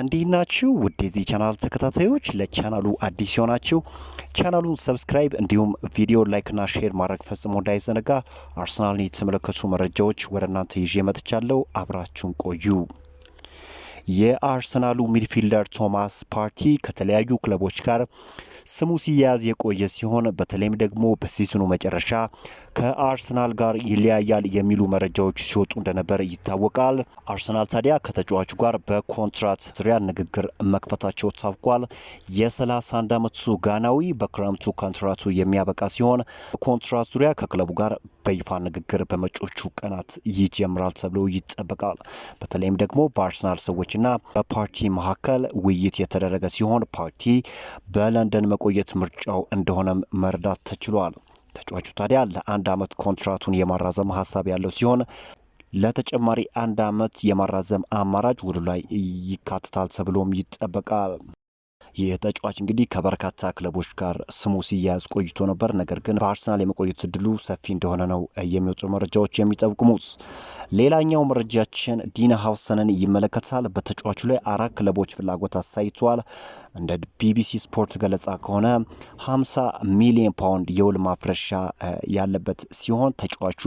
እንዲህ ናችሁ ውድ የዚህ ቻናል ተከታታዮች። ለቻናሉ አዲስ የሆናችሁ ቻናሉን ሰብስክራይብ፣ እንዲሁም ቪዲዮ ላይክና ሼር ማድረግ ፈጽሞ እንዳይዘነጋ። አርሰናልን የተመለከቱ መረጃዎች ወደ እናንተ ይዤ መጥቻለሁ። አብራችሁን ቆዩ። የአርሰናሉ ሚድፊልደር ቶማስ ፓርቲ ከተለያዩ ክለቦች ጋር ስሙ ሲያያዝ የቆየ ሲሆን በተለይም ደግሞ በሲዝኑ መጨረሻ ከአርሰናል ጋር ይለያያል የሚሉ መረጃዎች ሲወጡ እንደነበር ይታወቃል። አርሰናል ታዲያ ከተጫዋቹ ጋር በኮንትራት ዙሪያ ንግግር መክፈታቸው ታውቋል። የ31 ዓመቱ ጋናዊ በክረምቱ ኮንትራቱ የሚያበቃ ሲሆን ኮንትራት ዙሪያ ከክለቡ ጋር በይፋ ንግግር በመጪዎቹ ቀናት ይጀምራል ተብሎ ይጠበቃል። በተለይም ደግሞ በአርሰናል ሰዎች በመሪዎችና በፓርቲ መካከል ውይይት የተደረገ ሲሆን ፓርቲ በለንደን መቆየት ምርጫው እንደሆነም መረዳት ተችሏል። ተጫዋቹ ታዲያ ለአንድ ዓመት ኮንትራቱን የማራዘም ሀሳብ ያለው ሲሆን ለተጨማሪ አንድ ዓመት የማራዘም አማራጭ ውሉ ላይ ይካትታል ተብሎም ይጠበቃል። ይህ ተጫዋች እንግዲህ ከበርካታ ክለቦች ጋር ስሙ ሲያያዝ ቆይቶ ነበር። ነገር ግን በአርሰናል የመቆየት እድሉ ሰፊ እንደሆነ ነው የሚወጡ መረጃዎች የሚጠቁሙት። ሌላኛው መረጃችን ዲና ሀውሰንን ይመለከታል። በተጫዋቹ ላይ አራት ክለቦች ፍላጎት አሳይተዋል። እንደ ቢቢሲ ስፖርት ገለጻ ከሆነ 50 ሚሊዮን ፓውንድ የውል ማፍረሻ ያለበት ሲሆን ተጫዋቹ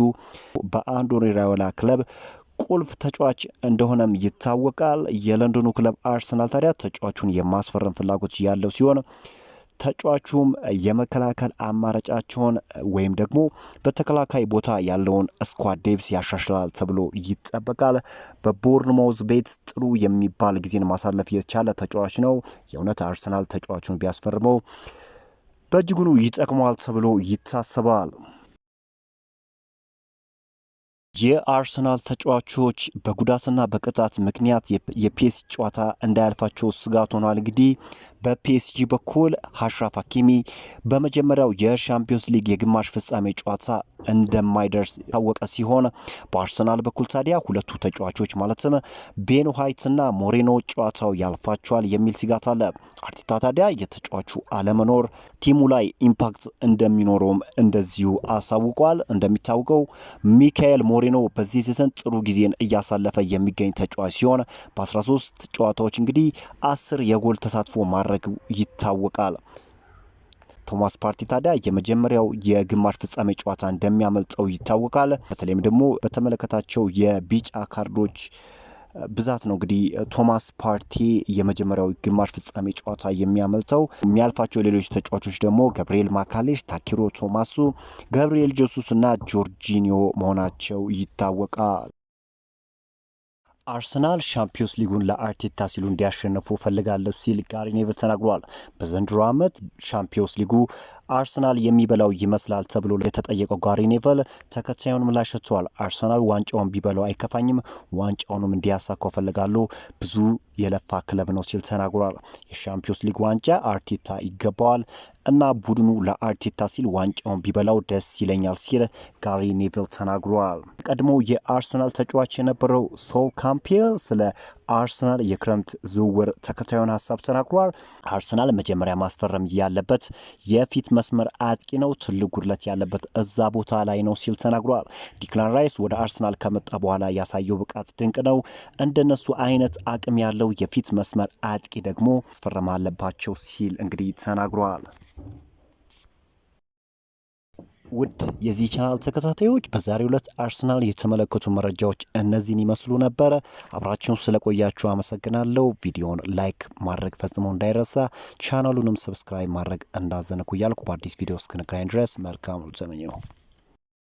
በአንዶሪ ራዮላ ክለብ ቁልፍ ተጫዋች እንደሆነም ይታወቃል። የለንደኑ ክለብ አርሰናል ታዲያ ተጫዋቹን የማስፈረም ፍላጎት ያለው ሲሆን ተጫዋቹም የመከላከል አማራጫቸውን ወይም ደግሞ በተከላካይ ቦታ ያለውን ስኳድ ዴፕስ ያሻሽላል ተብሎ ይጠበቃል። በቦርንማውዝ ቤት ጥሩ የሚባል ጊዜን ማሳለፍ የቻለ ተጫዋች ነው። የእውነት አርሰናል ተጫዋቹን ቢያስፈርመው በእጅጉኑ ይጠቅመዋል ተብሎ ይታሰባል። የአርሰናል ተጫዋቾች በጉዳትና በቅጣት ምክንያት የፒኤስጂ ጨዋታ እንዳያልፋቸው ስጋት ሆኗል። እንግዲህ በፒኤስጂ በኩል አሽራፍ ሀኪሚ በመጀመሪያው የሻምፒዮንስ ሊግ የግማሽ ፍጻሜ ጨዋታ እንደማይደርስ የታወቀ ሲሆን በአርሰናል በኩል ታዲያ ሁለቱ ተጫዋቾች ማለትም ቤን ዋይትና ሞሬኖ ጨዋታው ያልፋቸዋል የሚል ስጋት አለ። አርቴታ ታዲያ የተጫዋቹ አለመኖር ቲሙ ላይ ኢምፓክት እንደሚኖረውም እንደዚሁ አሳውቋል። እንደሚታወቀው ሚካኤል ሞሬ ሞሬኖ በዚህ ሲዘን ጥሩ ጊዜን እያሳለፈ የሚገኝ ተጫዋች ሲሆን በ13 ጨዋታዎች እንግዲህ አስር የጎል ተሳትፎ ማድረግ ይታወቃል። ቶማስ ፓርቲ ታዲያ የመጀመሪያው የግማሽ ፍጻሜ ጨዋታ እንደሚያመልጠው ይታወቃል። በተለይም ደግሞ በተመለከታቸው የቢጫ ካርዶች ብዛት ነው እንግዲህ ቶማስ ፓርቲ የመጀመሪያው ግማሽ ፍጻሜ ጨዋታ የሚያመልተው የሚያልፋቸው ሌሎች ተጫዋቾች ደግሞ ገብርኤል ማካሌሽ፣ ታኪሮ ቶማሱ፣ ገብርኤል ጀሱስ እና ጆርጂኒዮ መሆናቸው ይታወቃል። አርሰናል ሻምፒዮንስ ሊጉን ለአርቴታ ሲሉ እንዲያሸንፉ ፈልጋለሁ ሲል ጋሪ ኔቨል ተናግሯል። በዘንድሮ ዓመት ሻምፒዮንስ ሊጉ አርሰናል የሚበላው ይመስላል ተብሎ የተጠየቀው ጋሪ ኔቨል ተከታዩን ምላሽ ሰጥቷል። አርሰናል ዋንጫውን ቢበላው አይከፋኝም፣ ዋንጫውንም እንዲያሳካው እፈልጋለሁ። ብዙ የለፋ ክለብ ነው ሲል ተናግሯል። የሻምፒዮንስ ሊግ ዋንጫ አርቴታ ይገባዋል እና ቡድኑ ለአርቴታ ሲል ዋንጫውን ቢበላው ደስ ይለኛል ሲል ጋሪ ኔቪል ተናግሯል። ቀድሞ የአርሰናል ተጫዋች የነበረው ሶል ካምፒል ስለ አርሰናል የክረምት ዝውውር ተከታዩን ሀሳብ ተናግሯል። አርሰናል መጀመሪያ ማስፈረም ያለበት የፊት መ መስመር አጥቂ ነው። ትልቅ ጉድለት ያለበት እዛ ቦታ ላይ ነው ሲል ተናግሯል። ዲክላን ራይስ ወደ አርሰናል ከመጣ በኋላ ያሳየው ብቃት ድንቅ ነው። እንደነሱ አይነት አቅም ያለው የፊት መስመር አጥቂ ደግሞ ማስፈረም አለባቸው ሲል እንግዲህ ተናግሯል። ውድ የዚህ ቻናል ተከታታዮች በዛሬው ዕለት አርሰናል የተመለከቱ መረጃዎች እነዚህን ይመስሉ ነበረ። አብራችሁን ስለቆያችሁ አመሰግናለሁ። ቪዲዮን ላይክ ማድረግ ፈጽሞ እንዳይረሳ፣ ቻናሉንም ሰብስክራይብ ማድረግ እንዳዘነኩ እያልኩ በአዲስ ቪዲዮ እስክንገናኝ ድረስ መልካም ዘመኝ ነው።